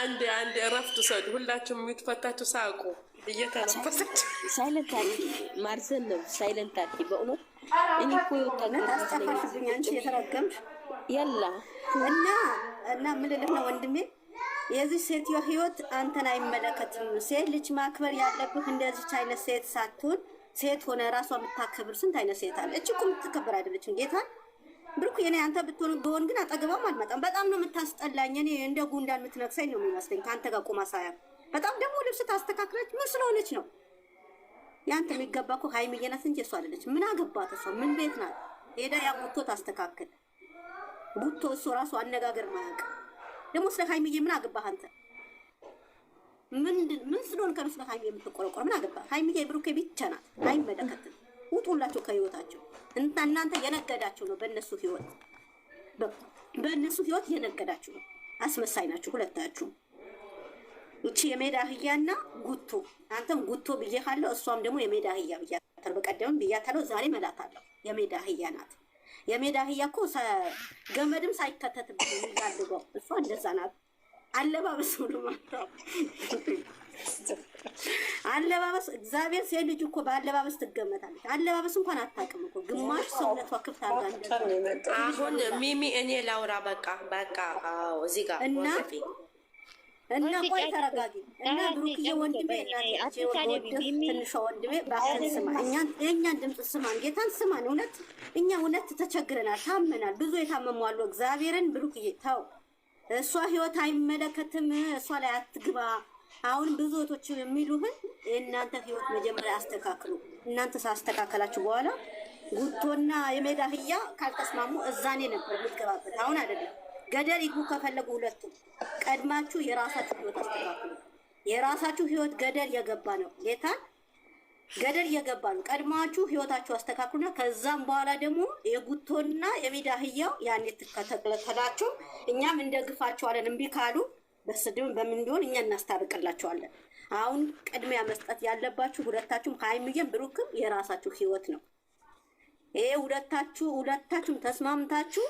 አንድ አንድ እረፍት ውሰዱ። ሁላችሁም የምትፈታችሁ ሳቁ። እየተረፈሰች ሳይለንት አርጊ፣ ማርዘን ነው። ሳይለንት አርጊ። በእውነት እኔ እኮ ታስጠፋሽብኝ አንቺ የተረገምሽ የላ እና እና ምልልህ ነው ወንድሜ፣ የዚህ ሴትዮ ህይወት አንተን አይመለከትም። ሴት ልጅ ማክበር ያለብህ እንደዚች አይነት ሴት ሳትሆን ሴት ሆነ ራሷ የምታከብር ስንት አይነት ሴት አለ። እች እኮ የምትከበር አይደለችም። ጌታ ብርኩ የኔ አንተ ብትሆን በሆን ግን አጠገባም አልመጣም። በጣም ነው የምታስጠላኝ። እኔ እንደ ጉንዳን የምትነክሰኝ ነው የሚመስለኝ ከአንተ ጋር ቁማ ሳያ። በጣም ደግሞ ልብስ ታስተካክለች ምን ስለሆነች ነው ያንተ የሚገባ እኮ ሀይሚዬ ናት እንጂ እሷ አይደለች። ምን አገባት እሷ ምን ቤት ናት ሄዳ ያ ቡቶ ታስተካክል። ቡቶ እሱ ራሱ አነጋገር ማያውቅ ደግሞ ስለ ሀይሚዬ ምን አገባህ አንተ? ምን ስለሆን ከነሱ ጋር ሀይሚ የምትቆረቆር? ምን አገባ? ሀይሚዬ ብሩኬ ብቻ ናት፣ አይመለከትም። ውጡላቸው ከህይወታቸው። እናንተ የነገዳችሁ ነው በእነሱ ህይወት፣ በእነሱ ህይወት የነገዳችሁ ነው። አስመሳይ ናችሁ ሁለታችሁ። እቺ የሜዳ አህያና ጉቶ፣ አንተም ጉቶ ብዬሃለሁ፣ እሷም ደግሞ የሜዳ አህያ ብያታለሁ። በቀደምም ብያታለሁ፣ ዛሬ መላታለሁ። የሜዳ አህያ ናት። የሜዳ አህያ እኮ ገመድም ሳይከተትበት የሚጋልበው እሷ እንደዛ ናት። አለባበስ ነው አለባበስ እግዚአብሔር ሴት ልጅ እኮ በአለባበስ ትገመታለች። አለባበስ እንኳን አታውቅም እኮ ግማሽ ሰውነቷ ክፍት አድርጋለች። አሁን ሚሚ እኔ ላውራ በቃ በቃ እዚህ ጋር እና እና ቆይ ተረጋጊ እና ብሩክዬ ወንድሜ ትንሿ ወንድሜ በአን ስማ የእኛን ድምፅ ስማን ጌታን ስማን እውነት እኛ እውነት ተቸግረናል ታመናል ብዙ የታመሟሉ እግዚአብሔርን ብሩክዬ ተው እሷ ህይወት አይመለከትም፣ እሷ ላይ አትግባ። አሁን ብዙ ወቶች የሚሉህን የእናንተ ህይወት መጀመሪያ አስተካክሉ። እናንተ ሳስተካከላችሁ በኋላ ጉቶና የሜዳ አህያ ካልተስማሙ እዛኔ ነበር የምትገባበት። አሁን አይደለም። ገደል ይግቡ ከፈለጉ ሁለቱ። ቀድማችሁ የራሳችሁ ህይወት አስተካክሉ። የራሳችሁ ህይወት ገደል የገባ ነው ጌታን ገደል እየገባ ነው። ቀድማችሁ ህይወታችሁ አስተካክሉና ከዛም በኋላ ደግሞ የጉቶና የሜዳ አህያው ያኔ ትከተለከላችሁ። እኛም እንደግፋቸዋለን። እምቢ ካሉ በስድብም በምን እኛ እናስታርቅላቸዋለን። አሁን ቅድሚያ መስጠት ያለባችሁ ሁለታችሁም፣ ሀይሚዬም ብሩክም የራሳችሁ ህይወት ነው። ይሄ ሁለታችሁ ሁለታችሁም ተስማምታችሁ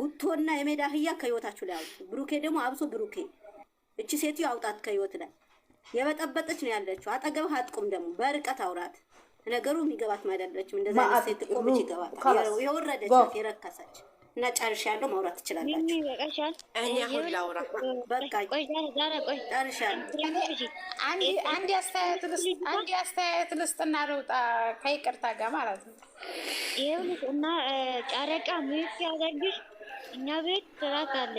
ጉቶና የሜዳ አህያ ከህይወታችሁ ላይ አውጡ። ብሩኬ ደግሞ አብሶ ብሩኬ እቺ ሴትዮ አውጣት ከህይወት ላይ የበጠበጠች ነው ያለችው። አጠገብህ አጥቁም ደግሞ በርቀት አውራት። ነገሩ የሚገባት አይደለችም። እንደዛ አይነት ሴት ቆምች ይገባታል። የወረደች የረከሰች እና ጨርሽ ያለው ማውራት ትችላላችሁ። አንድ አስተያየት ልስጥና ልውጣ ከይቅርታ ጋር ማለት ነው። ይኸውልሽ እና ጨረቃ ምት ሲያደርግሽ እኛ ቤት ስራት አለ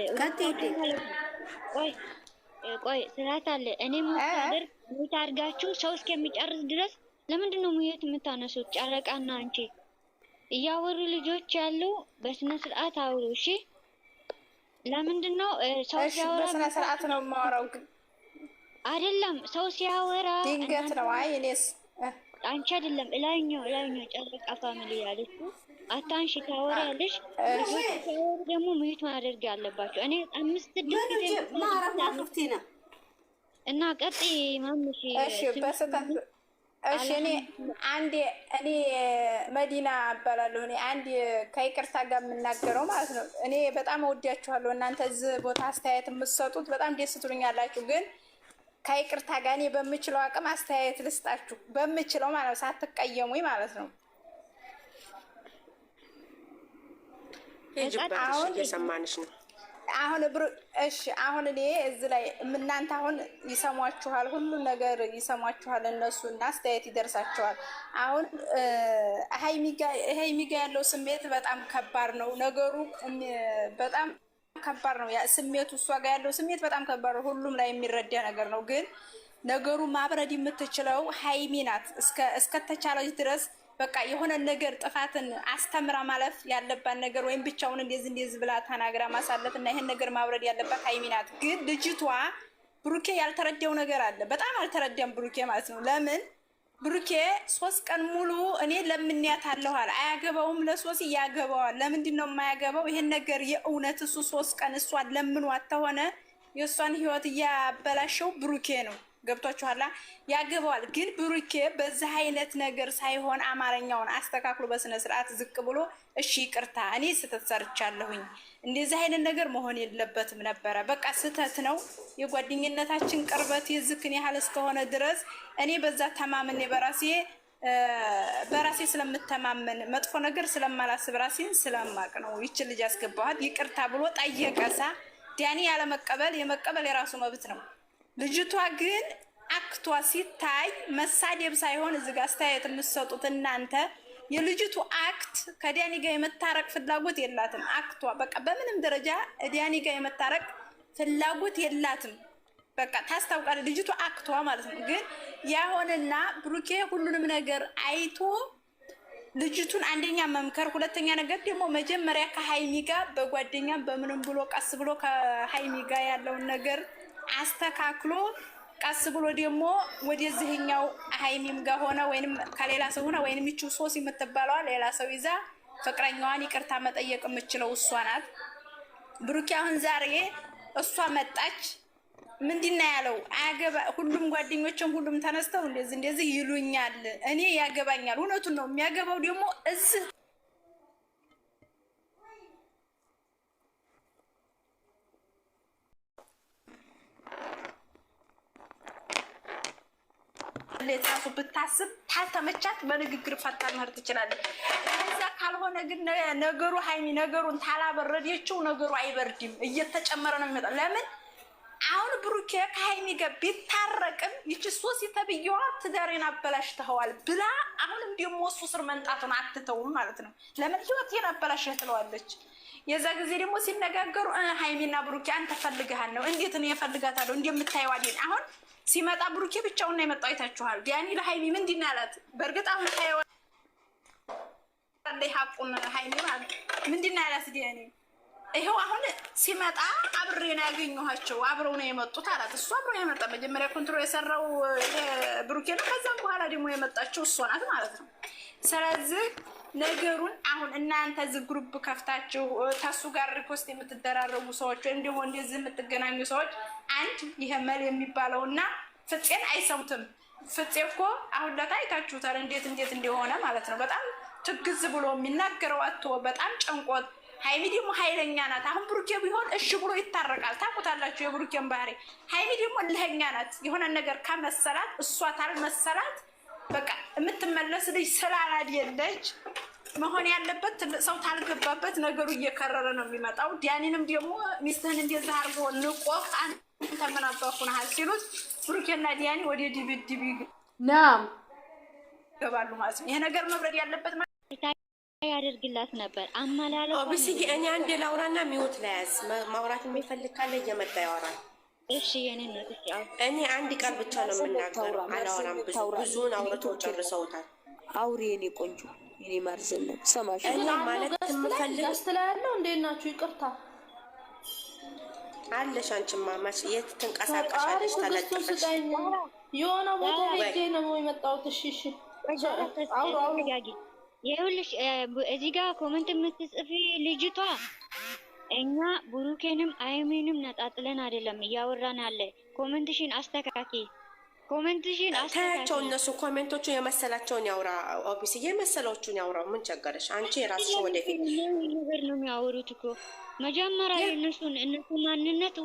ቆይ ቆይ ስርዓት አለ። እኔ ሙታደር ሙታርጋችሁ ሰው እስከሚጨርስ ድረስ ለምንድን ነው ሙየት የምታነሱት? ጨረቃና አንቺ እያወሩ ልጆች ያሉ በስነ ስርዓት አውሩ። እሺ፣ ለምንድን ነው ሰው ሲያወራ በስነ ስርዓት ነው የማወራው? ግን አይደለም ሰው ሲያወራ ድንገት ነው። አይ እኔስ አንቺ አይደለም እላኛው እላኛው ጨረቃ ፋሚሊ ያለችው አታንሺ ታወሪያለሽ። ሲያወሩ ደግሞ ምዩት ማድረግ ያለባቸው እኔ አምስት ስድስት እና ቀጥ ማምሽ እሺ፣ በስተት እሺ። እኔ አንድ እኔ መዲና እባላለሁ። እኔ አንድ ከይቅርታ ጋር የምናገረው ማለት ነው። እኔ በጣም እወዳችኋለሁ። እናንተ እዚህ ቦታ አስተያየት የምትሰጡት በጣም ደስ ትሉኛላችሁ ግን ከይቅርታ ጋር እኔ በምችለው አቅም አስተያየት ልስጣችሁ፣ በምችለው ማለት ነው፣ ሳትቀየሙኝ ማለት ነው። እየሰማንሽ ነው አሁን ብሩ እሺ፣ አሁን እኔ እዚህ ላይ እናንተ አሁን ይሰሟችኋል፣ ሁሉ ነገር ይሰሟችኋል እነሱ እና አስተያየት ይደርሳቸዋል። አሁን ሀይሚጋ ያለው ስሜት በጣም ከባድ ነው ነገሩ በጣም ከባድ ነው ስሜቱ። እሷ ጋር ያለው ስሜት በጣም ከባድ ነው። ሁሉም ላይ የሚረዳ ነገር ነው። ግን ነገሩ ማብረድ የምትችለው ሀይሚ ናት። እስከተቻለች ድረስ በቃ የሆነ ነገር ጥፋትን አስተምራ ማለፍ ያለባት ነገር ወይም ብቻውን እንደዚህ እንደዚህ ብላ ተናግራ ማሳለፍ እና ይህን ነገር ማብረድ ያለባት ሀይሚ ናት። ግን ልጅቷ ብሩኬ ያልተረዳው ነገር አለ። በጣም አልተረዳም ብሩኬ ማለት ነው ለምን ብሩኬ ሶስት ቀን ሙሉ እኔ ለምንያት አለ። አያገባውም ለሶስ ያገባዋል። ለምንድን ነው የማያገባው? ይሄን ነገር የእውነት እሱ ሶስት ቀን እሷን ለምኗት ተሆነ የእሷን ህይወት እያበላሸው ብሩኬ ነው። ገብቷችኋላ? ያገባዋል። ግን ብሩኬ በዚህ አይነት ነገር ሳይሆን አማርኛውን አስተካክሎ በስነ ስርዓት ዝቅ ብሎ እሺ፣ ይቅርታ እኔ ስህተት ሰርቻለሁኝ፣ እንደዚህ አይነት ነገር መሆን የለበትም ነበረ፣ በቃ ስህተት ነው። የጓደኝነታችን ቅርበት የዝክን ያህል እስከሆነ ድረስ እኔ በዛ ተማምኔ በራሴ በራሴ ስለምተማመን መጥፎ ነገር ስለማላስብ ራሴን ስለማቅ ነው ይች ልጅ ያስገባኋት፣ ይቅርታ ብሎ ጠየቀሳ ዳኒ ያለመቀበል የመቀበል የራሱ መብት ነው። ልጅቷ ግን አክቷ ሲታይ መሳደብ ሳይሆን እዚህ ጋር አስተያየት የምትሰጡት እናንተ የልጅቱ አክት ከዳኒ ጋር የመታረቅ ፍላጎት የላትም። አክቷ በቃ በምንም ደረጃ ዳኒ ጋር የመታረቅ ፍላጎት የላትም። በቃ ታስታውቃለ ልጅቱ አክቷ ማለት ነው። ግን ያሆንና ብሩኬ ሁሉንም ነገር አይቶ ልጅቱን አንደኛ መምከር፣ ሁለተኛ ነገር ደግሞ መጀመሪያ ከሀይሚ ጋር በጓደኛም በምንም ብሎ ቀስ ብሎ ከሀይሚ ጋር ያለውን ነገር አስተካክሎ ቀስ ብሎ ደግሞ ወደዚህኛው ሀይሚም ጋር ሆነ ወይም ከሌላ ሰው ሆነ ወይም ይችው ሶስ የምትባለዋ ሌላ ሰው ይዛ ፍቅረኛዋን ይቅርታ መጠየቅ የምችለው እሷ ናት። ብሩኪ አሁን ዛሬ እሷ መጣች። ምንድና ያለው? አያገባ ሁሉም ጓደኞችም ሁሉም ተነስተው እንደዚህ እንደዚህ ይሉኛል፣ እኔ ያገባኛል። እውነቱን ነው የሚያገባው ደግሞ እዚህ ብሌት ራሱ ብታስብ ታልተመቻት በንግግር ፈታ ምህር ትችላለች። እዛ ካልሆነ ግን ነገሩ ሀይሚ ነገሩን ታላበረደችው ነገሩ አይበርድም፣ እየተጨመረ ነው የሚመጣው። ለምን አሁን ብሩኬ ከሀይሚ ጋር ቢታረቅም ይቺ ሶስት የተብየዋ ትዳሬን አበላሽተኸዋል ብላ አሁንም ደግሞ እሱ ስር መንጣቱን አትተውም ማለት ነው። ለምን ህይወቴን አበላሽህ ትለዋለች። የዛ ጊዜ ደግሞ ሲነጋገሩ ሀይሚና ብሩኬ አንተ ፈልግሃል ነው እንዴት ነው የፈልጋታለሁ እንደምታየዋል አሁን ሲመጣ ብሩኬ ብቻውን ነው የመጣው። አይታችኋል። ያኒ ለሀይሚ ምንድን ነው ያላት? በእርግጥ አሁን ላይ ሀቁን ሀይሚ ማለት ምንድን ነው ያላት? ዲያኒ ይኸው አሁን ሲመጣ አብሬ ነው ያገኘኋቸው፣ አብረው ነው የመጡት አላት። እሱ አብረው የመጣ መጀመሪያ ኮንትሮ የሰራው ብሩኬ ነው። ከዛም በኋላ ደግሞ የመጣቸው እሷ ናት ማለት ነው። ስለዚህ ነገሩን አሁን እናንተ እዚህ ግሩፕ ከፍታችሁ ተሱ ጋር ሪፖስት የምትደራረጉ ሰዎች ወይም ደግሞ እንደዚህ የምትገናኙ ሰዎች አንድ ይሄ መል የሚባለውና ፍፄን አይሰሙትም። ፍፄ እኮ አሁን ለታ አይታችሁታል፣ እንዴት እንዴት እንደሆነ ማለት ነው። በጣም ትግዝ ብሎ የሚናገረው አቶ በጣም ጨንቆት ሀይሚ ደግሞ ሀይለኛ ናት። አሁን ብሩኬ ቢሆን እሺ ብሎ ይታረቃል። ታቁታላችሁ የብሩኬን ባህሪ። ሀይሚ ደግሞ እልኸኛ ናት። የሆነ ነገር ከመሰላት እሷ ታልመሰላት በቃ የምትመለስ ልጅ ስላላድ የለች መሆን ያለበት ትልቅ ሰው ታልገባበት ነገሩ እየከረረ ነው የሚመጣው። ዲያኒንም ደግሞ ሚስትህን እንደዛ አርጎ ንቆ አንተ ምን አባቱ ነሃል ሲሉት ብሩኬና ዲያኒ ወደ ዲቢዲቢ ናም ይገባሉ ማለት ነው። ይሄ ነገር መብረድ ያለበት ያደርግላት ነበር። አመላለስ ብስዬ እኔ አንድ ላውራና ሚውት ለያዝ ማውራት የሚፈልግ ካለ እየመጣ ያወራል። እሺ የኔነት እኔ አንድ ቃል ብቻ ነው የምናገረው። አላወራም። ብዙን አውርተው ጨርሰውታል። አውሪ የኔ ቆንጆ እኔ መርዝን ነው ሰማሽ? እኔ ማለት ምፈልግ ስላ ያለው እንዴት ናችሁ? ይቅርታ አለሽ አንቺ ማሽ የት ትንቀሳቀሻለሽ? ተለጥፈሽ የሆነ ቦታ ሄጄ ነው የመጣሁት። እሺ እሺ፣ አውሩ አውሩ። ይኸውልሽ እዚህ ጋር ኮመንት የምትጽፊ ልጅቷ እኛ ብሩኬንም አይሚንም ነጣጥለን አይደለም እያወራን አለ። ኮመንትሽን አስተካኪ ኮሜንትሽን እነሱ ኮሜንቶቹ የመሰላቸውን ያውራ። ምን ቸገረሽ አንቺ? የራስሽ ወደፊት ነገር ነው የሚያወሩት እኮ መጀመሪያ የእነሱን እነሱ ማንነት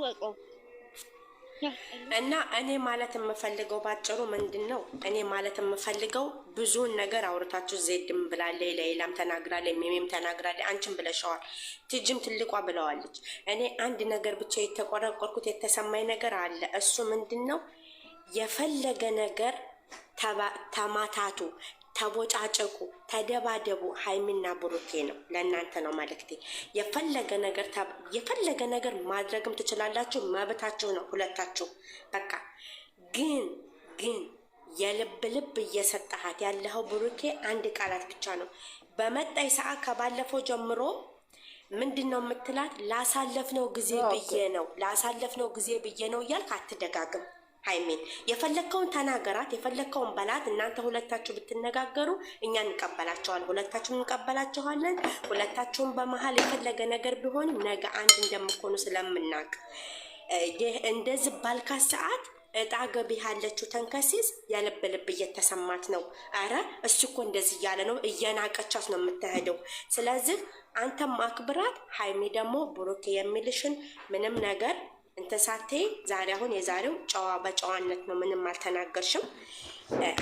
እና እኔ ማለት የምፈልገው ባጭሩ ምንድን ነው? እኔ ማለት የምፈልገው ብዙውን ነገር አውርታችሁ ዜድም ብላለ፣ ለሌላም ተናግራለ፣ ሚሜም ተናግራለ፣ አንቺም ብለሸዋል፣ ትጅም ትልቋ ብለዋለች። እኔ አንድ ነገር ብቻ የተቆረቆርኩት የተሰማኝ ነገር አለ። እሱ ምንድን ነው? የፈለገ ነገር ተማታቱ፣ ተቦጫጨቁ፣ ተደባደቡ። ሀይሚና ብሩኬ ነው ለእናንተ ነው መልእክቴ። የፈለገ ነገር የፈለገ ነገር ማድረግም ትችላላችሁ፣ መብታችሁ ነው ሁለታችሁ። በቃ ግን ግን የልብ ልብ እየሰጠሃት ያለኸው ብሩኬ አንድ ቃላት ብቻ ነው። በመጣይ ሰዓት ከባለፈው ጀምሮ ምንድን ነው የምትላት? ላሳለፍነው ጊዜ ብዬ ነው ላሳለፍነው ጊዜ ብዬ ነው እያልክ አትደጋግም። ሀይሜን የፈለግከውን ተናገራት፣ የፈለግከውን በላት። እናንተ ሁለታችሁ ብትነጋገሩ እኛ እንቀበላቸዋለን፣ ሁለታችሁም እንቀበላቸዋለን። ሁለታችሁም በመሀል የፈለገ ነገር ቢሆንም ነገ አንድ እንደምትሆኑ ይህ እንደዚህ ባልካት ሰዓት እጣ ገቢ ያለችው ተንከሲስ የልብ ልብ እየተሰማት ነው። አረ እሱ እኮ እንደዚህ እያለ ነው፣ እየናቀቻት ነው የምትሄደው። ስለዚህ አንተም አክብራት፣ ሀይሜ ደግሞ ብሩክ የሚልሽን ምንም ነገር እንትን ሳትይ ዛሬ አሁን የዛሬው ጨዋ በጨዋነት ነው። ምንም አልተናገርሽም።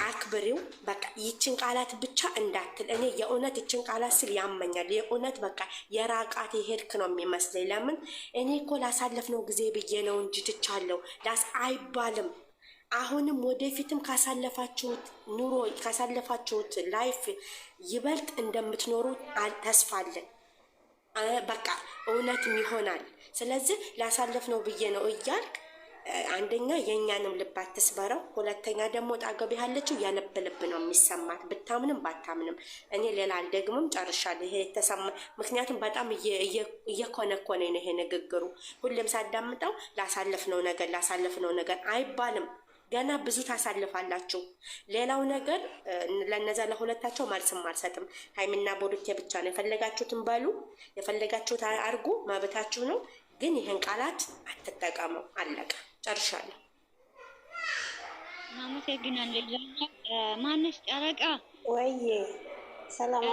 አክብሪው በቃ ይችን ቃላት ብቻ እንዳትል። እኔ የእውነት ይችን ቃላት ስል ያመኛል። የእውነት በቃ የራቃት የሄድክ ነው የሚመስለኝ። ለምን እኔ እኮ ላሳለፍነው ጊዜ ብዬ ነው እንጂ ትቻለሁ ዳስ አይባልም። አሁንም ወደፊትም ካሳለፋችሁት ኑሮ ካሳለፋችሁት ላይፍ ይበልጥ እንደምትኖሩ ተስፋ አለን። በቃ እውነትም ይሆናል። ስለዚህ ላሳለፍ ነው ብዬ ነው እያልክ አንደኛ የእኛንም ልብ አትስበረው። ሁለተኛ ደግሞ ጣገብ ያለችው የልብ ልብ ነው የሚሰማት ብታምንም ባታምንም። እኔ ሌላ አልደግምም፣ ጨርሻለሁ። ይሄ የተሰማ ምክንያቱም በጣም እየኮነኮነ ነው ይሄ ንግግሩ። ሁሌም ሳዳምጠው ላሳለፍ ነው ነገር ላሳለፍ ነው ነገር አይባልም። ገና ብዙ ታሳልፋላችሁ። ሌላው ነገር ለነዛ ለሁለታቸው ማልስም አልሰጥም። ሀይሚና ቦዱኬ ብቻ ነው የፈለጋችሁትን በሉ፣ የፈለጋችሁት አርጉ፣ መብታችሁ ነው። ግን ይህን ቃላት አትጠቀመው። አለቀ። ጨርሻለሁ። አመሰግናለሁ። ማነሽ ጨረቃ ወይ ሰላም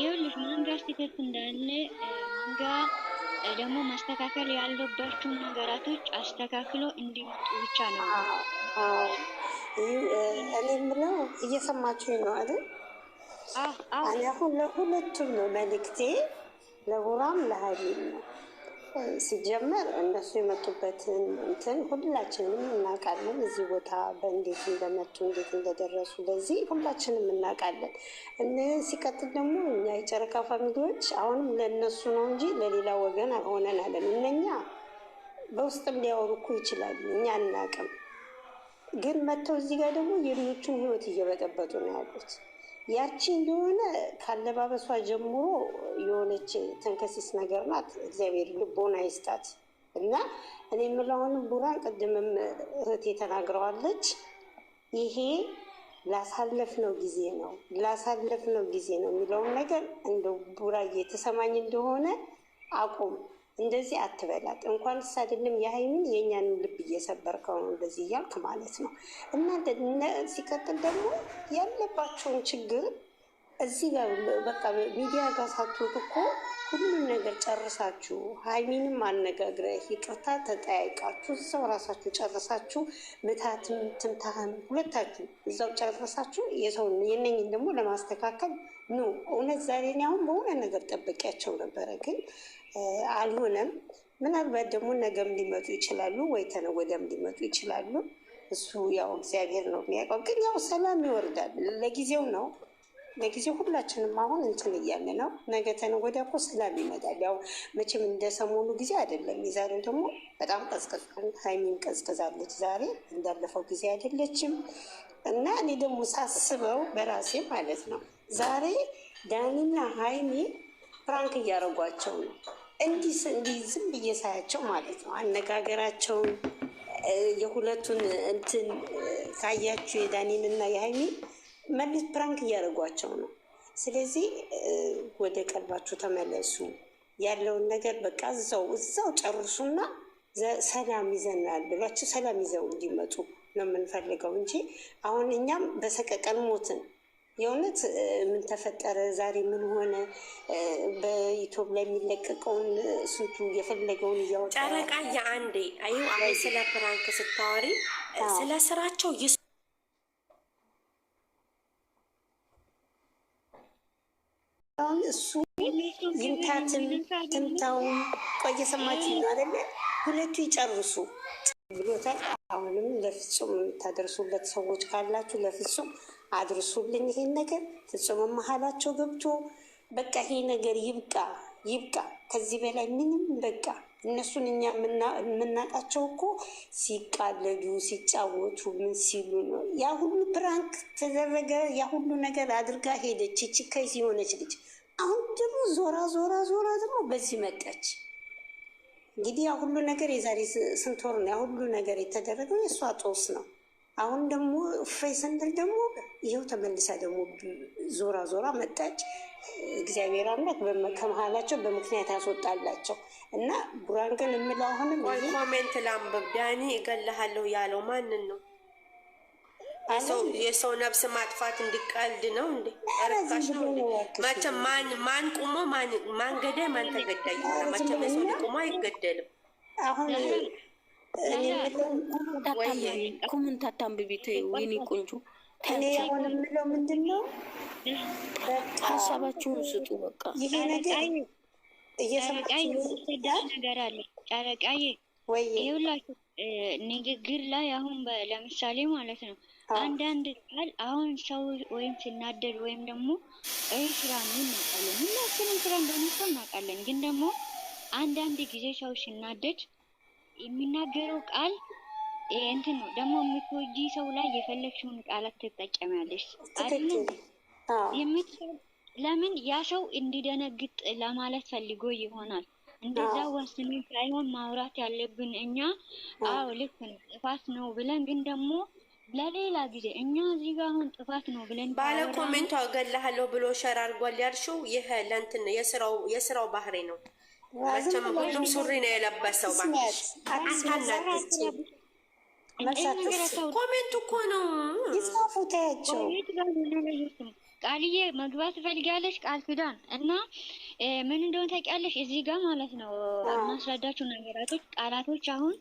ይኸውልሽ ማንጋ ስቴት እንዳለ ማንጋ ደግሞ ማስተካከል ያለባቸውን ነገራቶች አስተካክሎ እንዲመጡ ብቻ ነው። እኔ የምለው እየሰማችሁኝ ነው አይደል? አሁን ለሁለቱም ነው መልእክቴ፣ ለቡራም ለሀይሚም ነው። ሲጀመር እነሱ የመጡበትን እንትን ሁላችንም እናውቃለን። እዚህ ቦታ በእንዴት እንደመጡ እንዴት እንደደረሱ ለዚህ ሁላችንም እናውቃለን። እነ ሲቀጥል ደግሞ እኛ የጨረቃ ፋሚሊዎች አሁንም ለእነሱ ነው እንጂ ለሌላ ወገን ሆነን አለን። እነኛ በውስጥም ሊያወሩ እኮ ይችላሉ፣ እኛ አናውቅም። ግን መጥተው እዚህ ጋር ደግሞ የልጆቹን ህይወት እየበጠበጡ ነው ያሉት። ያቺ እንደሆነ ካለባበሷ ጀምሮ የሆነች ተንከሲስ ነገር ናት። እግዚአብሔር ልቦና ይስጣት እና እኔ የምለውንም ቡራን ቅድምም እህቴ ተናግረዋለች። ይሄ ላሳለፍነው ጊዜ ነው ላሳለፍነው ጊዜ ነው የሚለውን ነገር እንደ ቡራ ተሰማኝ እንደሆነ አቁም። እንደዚህ አትበላት። እንኳን አይደለም የሀይሚን የእኛንም ልብ እየሰበርከው ነው እንደዚህ እያልክ ማለት ነው። እና ሲቀጥል ደግሞ ያለባቸውን ችግር እዚህ ጋር በቃ ሚዲያ ጋር ሳትወጡ እኮ ሁሉም ነገር ጨርሳችሁ ሀይሚንም አነጋግረ ይቅርታ ተጠያይቃችሁ እዛው ራሳችሁ ጨርሳችሁ ምታትም ትምታህም ሁለታችሁ እዛው ጨርሳችሁ የሰውን የእነኝን ደግሞ ለማስተካከል ኑ። እውነት ዛሬ እኔ አሁን በሆነ ነገር ጠበቂያቸው ነበረ ግን አልሆነም። ምናልባት ደግሞ ነገም ሊመጡ ይችላሉ፣ ወይ ተነገወዲያም ሊመጡ ይችላሉ። እሱ ያው እግዚአብሔር ነው የሚያውቀው። ግን ያው ሰላም ይወርዳል። ለጊዜው ነው ለጊዜው ሁላችንም አሁን እንትን እያለ ነው። ነገ ተነገወዲያ እኮ ሰላም ይመጣል። ያው መቼም እንደ ሰሞኑ ጊዜ አይደለም። የዛሬው ደግሞ በጣም ቀዝቅዟል። ሀይሚን ቀዝቅዛለች ዛሬ እንዳለፈው ጊዜ አይደለችም። እና እኔ ደግሞ ሳስበው በራሴ ማለት ነው ዛሬ ዳኒና ሀይሚ ፍራንክ እያደረጓቸው ነው እንዲህ እንዲህ ዝም ብዬ ሳያቸው ማለት ነው አነጋገራቸውን የሁለቱን እንትን ካያችሁ የዳኒን እና የሀይሚን መልስ ፕራንክ እያደረጓቸው ነው። ስለዚህ ወደ ቀልባችሁ ተመለሱ። ያለውን ነገር በቃ እዛው እዛው ጨርሱና ሰላም ይዘናል ብሏቸው ሰላም ይዘው እንዲመጡ ነው የምንፈልገው እንጂ አሁን እኛም በሰቀቀን ሞትን። የእውነት ምን ተፈጠረ ዛሬ ምን ሆነ፣ በዩቱብ ላይ የሚለቀቀውን ስንቱ የፈለገውን እያወጣ ጨረቃ የአንዴ አይ አይ ስለ ፕራንክ ስታወሪ ስለ ስራቸው ይ እሱ ይምታትም ትምታውም ቆየ ሰማችሁ አይደለ? ሁለቱ ይጨርሱ ብሎታል። አሁንም ለፍጹም የምታደርሱለት ሰዎች ካላችሁ ለፍጹም አድርሱልኝ ይሄን ነገር ፍጹም መሀላቸው ገብቶ በቃ ይሄ ነገር ይብቃ ይብቃ፣ ከዚህ በላይ ምንም በቃ። እነሱን እኛ የምናውቃቸው እኮ ሲቃለዱ ሲጫወቱ ምን ሲሉ ነው። ያ ሁሉ ፕራንክ ተደረገ፣ ያ ሁሉ ነገር አድርጋ ሄደች። ችከይ ሲሆነች ልጅ አሁን ደግሞ ዞራ ዞራ ዞራ ደግሞ በዚህ መጣች። እንግዲህ ያ ሁሉ ነገር የዛሬ ስንት ወር ነው ያ ሁሉ ነገር የተደረገው የእሷ ጦስ ነው። አሁን ደግሞ እፎይ ስንል ደግሞ ይኸው ተመልሳ ደግሞ ዞራ ዞራ መጣች። እግዚአብሔር አምላክ ከመሀላቸው በምክንያት ያስወጣላቸው እና ቡራን ግን የምለው አሁንም ኮሜንት ላንብብ። ዳኒ እገልሃለሁ ያለው ማንን ነው? የሰው ነብስ ማጥፋት እንዲቀልድ ነው እንዴ? ረካሽ ነው መቼም። ማን ቁሞ ማን ገዳይ ማን ተገዳይ? መቼም የሰው ቁሞ አይገደልም። አሁን ኮመንት አታንብቢ ወይኔ ቆንጆ። እኔ አሁን የምለው ምንድን ነው ሀሳባችሁን ስጡ። በቃ ይሄ ነገር ነገር አለ ጨረቃዬ፣ ይኸውላችሁ ንግግር ላይ አሁን ለምሳሌ ማለት ነው አንዳንድ ቃል አሁን ሰው ወይም ሲናደድ ወይም ደግሞ ይህ ስራ ነው እናውቃለን፣ ሁላችንም ስራ እንደሆነ እናውቃለን። ግን ደግሞ አንዳንድ ጊዜ ሰው ሲናደድ የሚናገረው ቃል እንትን ነው። ደግሞ የምትወጂ ሰው ላይ የፈለግሽውን ቃላት ትጠቀሚያለሽ አይደለም። ለምን ያ ሰው እንዲደነግጥ ለማለት ፈልጎ ይሆናል። እንደዛ ወስነን ሳይሆን ማውራት ያለብን እኛ። አዎ ልክ ነው፣ ጥፋት ነው ብለን ግን ደግሞ ለሌላ ጊዜ እኛ እዚህ ጋር አሁን ጥፋት ነው ብለን ባለ ኮሜንቱ አገላለሁ ብሎ ሸር አድርጓል ያልሽው ይህ ለእንትን የስራው ባህሬ ነው። ሁሉም ሱሪ ነው የለበሰው። ኮሜንቱ እኮ ነው ቃልዬ መግባት ትፈልጊያለሽ? ቃል ኪዳን እና ምን እንደሆነ ታውቂያለሽ? እዚህ ጋር ማለት ነው ማስረዳችሁ ነገራቶች፣ ቃላቶች አሁን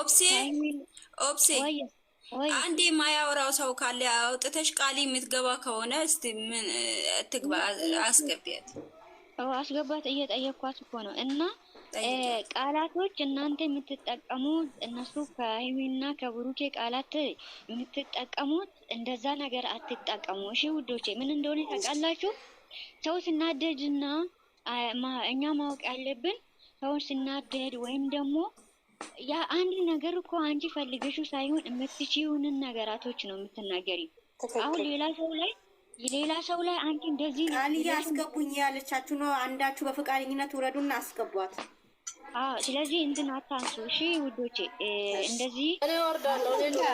ኦፕሴ ኦፕሴ አንዴ የማያወራው ሰው ካለ አውጥተሽ ቃል የምትገባ ከሆነ እስቲ ምን ትግባ አስገቢያት። አስገባት እየጠየኳት እኮ ነው። እና ቃላቶች እናንተ የምትጠቀሙት እነሱ ከሀይሚና ከብሩኬ ቃላት የምትጠቀሙት እንደዛ ነገር አትጠቀሙ። እሺ ውዶቼ፣ ምን እንደሆነ ታውቃላችሁ? ሰው ስናደድና እኛ ማወቅ ያለብን ሰው ስናደድ ወይም ደግሞ ያ አንድ ነገር እኮ አንቺ ፈልገሽው ሳይሆን የምትችይውን ነገራቶች ነው የምትናገሪ። አሁን ሌላ ሰው ላይ ሌላ ሰው ላይ አንቺ እንደዚህ አልያ አስገቡኝ ያለቻችሁ ነው። አንዳችሁ በፈቃደኝነት ውረዱና አስገቧት። ስለዚህ እንትን አታንሱ። እሺ ውዶቼ፣ እንደዚህ እኔ ወርዳለሁ። ሌላ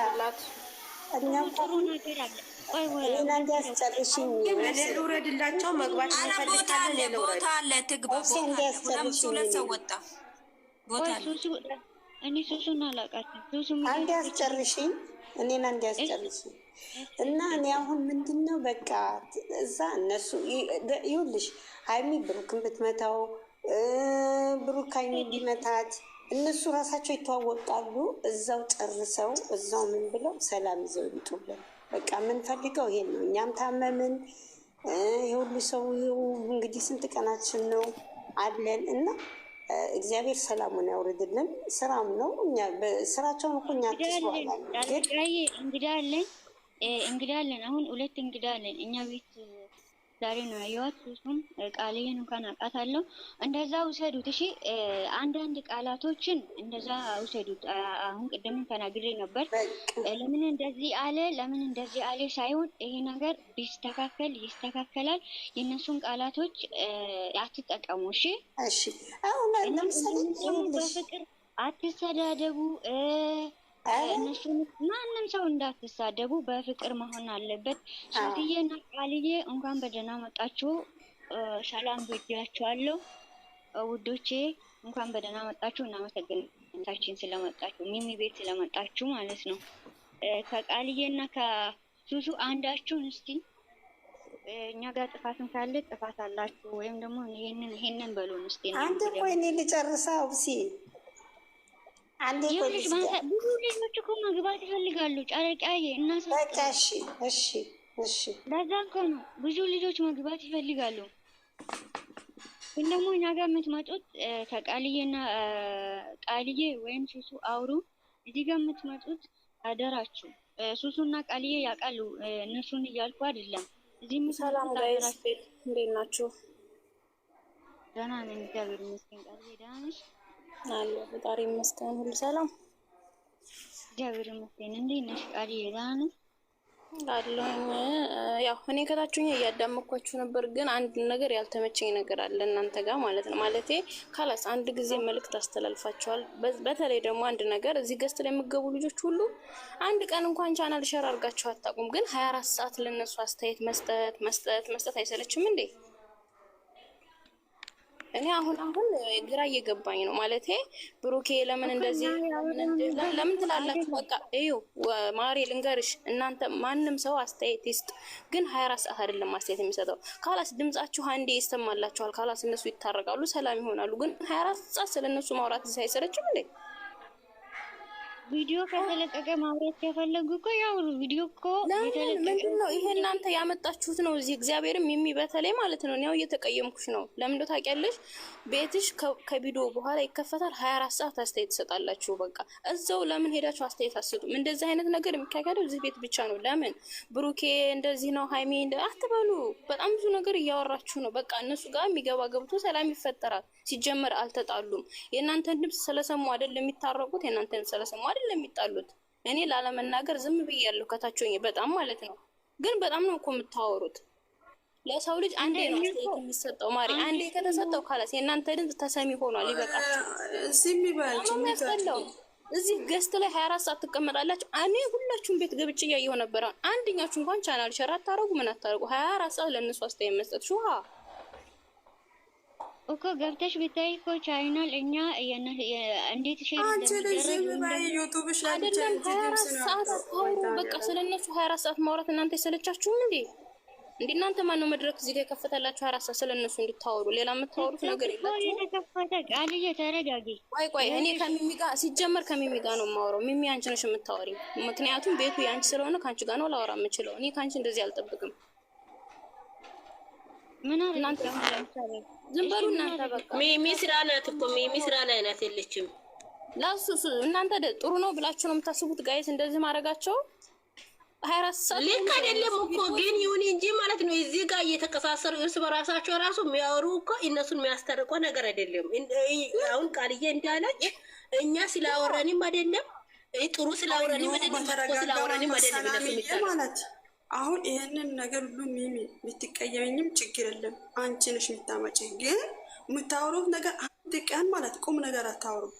ጥሩ ነገር አለ። ልውረድላቸው መግባት እንፈልጋለን። ቦታ አለ ትግባ። ሁለት ሰው ወጣ ቦታ አለ። እኔ ሱሱን አላውቃትም። ሱሱ አንድ ያስጨርሽኝ፣ እኔን አንድ ያስጨርሽኝ እና እኔ አሁን ምንድን ነው በቃ እዛ እነሱ ይኸውልሽ፣ ሀይሚ ብሩክን ብትመታው ብሩክ ሀይሚ ቢመታት እነሱ ራሳቸው ይተዋወቃሉ። እዛው ጨርሰው እዛው ምን ብለው ሰላም ይዘው ይምጡልን። በቃ የምንፈልገው ይሄን ነው። እኛም ታመምን የሁሉ ሰው እንግዲህ ስንት ቀናችን ነው አለን እና እግዚአብሔር ሰላሙን ያውርድልን። ስራም ነው ስራቸውን እኮ እኛ ትስዋላል እንግዳ አለኝ እንግዳ አለን። አሁን ሁለት እንግዳ አለን እኛ ቤት ዛሬ ነው ያየዋት። እሱም ቃልዬን እንኳን አውቃታለሁ። እንደዛ ውሰዱት እሺ። አንዳንድ ቃላቶችን እንደዛ ውሰዱት። አሁን ቅድምን ተናግሬ ነበር። ለምን እንደዚህ አለ፣ ለምን እንደዚህ አለ ሳይሆን ይሄ ነገር ቢስተካከል ይስተካከላል። የእነሱን ቃላቶች አትጠቀሙ እሺ። በፍቅር አትሰዳደቡ። እነሱን ማንም ሰው እንዳትሳደቡ፣ በፍቅር መሆን አለበት። ሶትዬና ቃልዬ እንኳን በደህና መጣችሁ። ሰላም ብያችኋለሁ ውዶቼ፣ እንኳን በደህና መጣችሁ። እናመሰግናችን ስለመጣችሁ፣ ሚሚ ቤት ስለመጣችሁ ማለት ነው። ከቃልዬና ከሱሱ አንዳችሁን እስቲ እኛ ጋር ጥፋትን ካለ ጥፋት አላችሁ ወይም ደግሞ ይሄንን ይሄንን በሉን እስቲ። አንድ ቆይ እኔ ልጨርሰው። ብዙ ልጅ ይፈልጋሉ። ጨረቃዬ በዛ እኮ ነው ብዙ ልጆች መግባት ይፈልጋሉ። ግን ደግሞ እኛ ጋር የምትመጡት ተቃልዬና ቃልዬ ወይም ሱሱ አውሩ። እዚህ ጋር የምትመጡት አደራችሁ። ሱሱና ቃልዬ ያውቃሉ። እነሱን እያልኩ አይደለም። እዚህ ሰላም ጋይስ፣ እንዴት ናችሁ? ደህና ነኝ፣ እግዚአብሔር ይመስገን። ቃልዬ ደህና ነሽ? አለ ፈጣሪ ይመስገን፣ ሁሉ ሰላም እግዚአብሔር ይመስገን። እንዴት ነሽ? ቃል ይላል አለሁኝ። ያው እኔ ከታችሁኝ እያዳመኳችሁ ነበር፣ ግን አንድ ነገር ያልተመቸኝ ነገር አለ እናንተ ጋር ማለት ነው። ማለቴ ካላስ አንድ ጊዜ መልእክት አስተላልፋችኋል። በተለይ ደግሞ አንድ ነገር እዚህ ገስት ላይ የምገቡ ልጆች ሁሉ አንድ ቀን እንኳን ቻናል ሸር አድርጋችሁ አታውቁም፣ ግን ሀያ አራት ሰዓት ለነሱ አስተያየት መስጠት መስጠት መስጠት አይሰለችም እንዴ? እኔ አሁን አሁን ግራ እየገባኝ ነው ማለቴ ብሩኬ ለምን እንደዚህ ለምን ትላላችሁ? በቃ እዩ ማሪ ልንገርሽ፣ እናንተ ማንም ሰው አስተያየት ይስጥ፣ ግን ሀያ አራት ሰዓት አይደለም አስተያየት የሚሰጠው። ካላስ ድምጻችሁ አንዴ ይሰማላችኋል። ካላስ እነሱ ይታረቃሉ፣ ሰላም ይሆናሉ። ግን ሀያ አራት ሰዓት ስለእነሱ ማውራት ሳይሰለችም እንዴ? ቪዲዮ ከተለቀቀ ማውራት ከፈለጉ እኮ ያውሩ። ቪዲዮ እኮ ምንድን ነው ይሄ? እናንተ ያመጣችሁት ነው እዚህ። እግዚአብሔርም የሚበተለይ በተለይ ማለት ነው። ያው እየተቀየምኩሽ ነው። ለምን እንደው ታውቂያለሽ፣ ቤትሽ ከቪዲዮ በኋላ ይከፈታል። 24 ሰዓት አስተያየት ትሰጣላችሁ። በቃ እዛው ለምን ሄዳችሁ አስተያየት አትሰጡም? እንደዚህ አይነት ነገር የሚካሄደው እዚህ ቤት ብቻ ነው። ለምን ብሩኬ እንደዚህ ነው ሃይሜ አትበሉ። በጣም ብዙ ነገር እያወራችሁ ነው። በቃ እነሱ ጋር የሚገባ ገብቶ ሰላም ይፈጠራል። ሲጀመር አልተጣሉም። የእናንተን ድምፅ ስለሰሙ አይደል የሚታረቁት የእናንተን ስለሰሙ አይደለም የሚጣሉት። እኔ ላለመናገር ዝም ብያለሁ፣ ከታች ሆኜ በጣም ማለት ነው። ግን በጣም ነው እኮ የምታወሩት። ለሰው ልጅ አንዴ ነው አስተያየት የሚሰጠው። ማሪ አንዴ ከተሰጠው ካላስ የእናንተ ድምፅ ተሰሚ ሆኗል። ይበቃቸው። እዚህ ገስት ላይ ሀያ አራት ሰዓት ትቀመጣላችሁ። እኔ ሁላችሁም ቤት ገብቼ እያየሁ ነበረ። አንደኛችሁ እንኳን ቻናል ሸራ አታረጉ ምን አታረጉ ሀያ አራት ሰዓት ለእነሱ አስተያየት መስጠት ሹሃ እኮ ገብተሽ ብታይ እኮ ቻይናል እኛ እንዴት ሸአይደለም ሀያ አራት ሰዓት አታውሩ። በቃ ስለነሱ ሀያ አራት ሰዓት ማውራት እናንተ የሰለቻችሁም እንዴ? እንደ እናንተ ማነው መድረክ እዚህ ጋር የከፈተላችሁ ሀያ አራት ሰዓት ስለነሱ እንድታወሩ? ሌላ የምታወሩት ነገር የላችሁ። ቆይ ቆይ እኔ ከሚሚ ጋር ሲጀመር ከሚሚ ጋር ነው የማወራው። ሚሚ አንቺ ነሽ የምታወሪ፣ ምክንያቱም ቤቱ የአንቺ ስለሆነ ከአንቺ ጋር ነው ላወራ የምችለው። እኔ ከአንቺ እንደዚህ አልጠብቅም። ምን እናንተ ስራ ናት እኮ ሚሚ ስራ ላይ ጥሩ ነው ብላችሁ ነው የምታስቡት ጋይስ እንደዚህ ማድረጋቸው ልክ አይደለም እኮ ግን ይሁን እንጂ ማለት ነው። እዚህ ጋር እየተቀሳሰሩ እርስ በራሳቸው ራሱ የሚያወሩ እኮ እነሱን የሚያስታርቆ ነገር አይደለም። አሁን ቃልዬ እንዳለች እኛ ስላወራንም አይደለም ጥሩ ስላወራንም አይደለም ስላወራንም አይደለም አሁን ይህንን ነገር ሁሉ ሚሚ ብትቀየመኝም ችግር የለም። አንቺ ነሽ የምታመጪ፣ ግን የምታወሩት ነገር አንድ ቀን ማለት ቁም ነገር አታወሩም።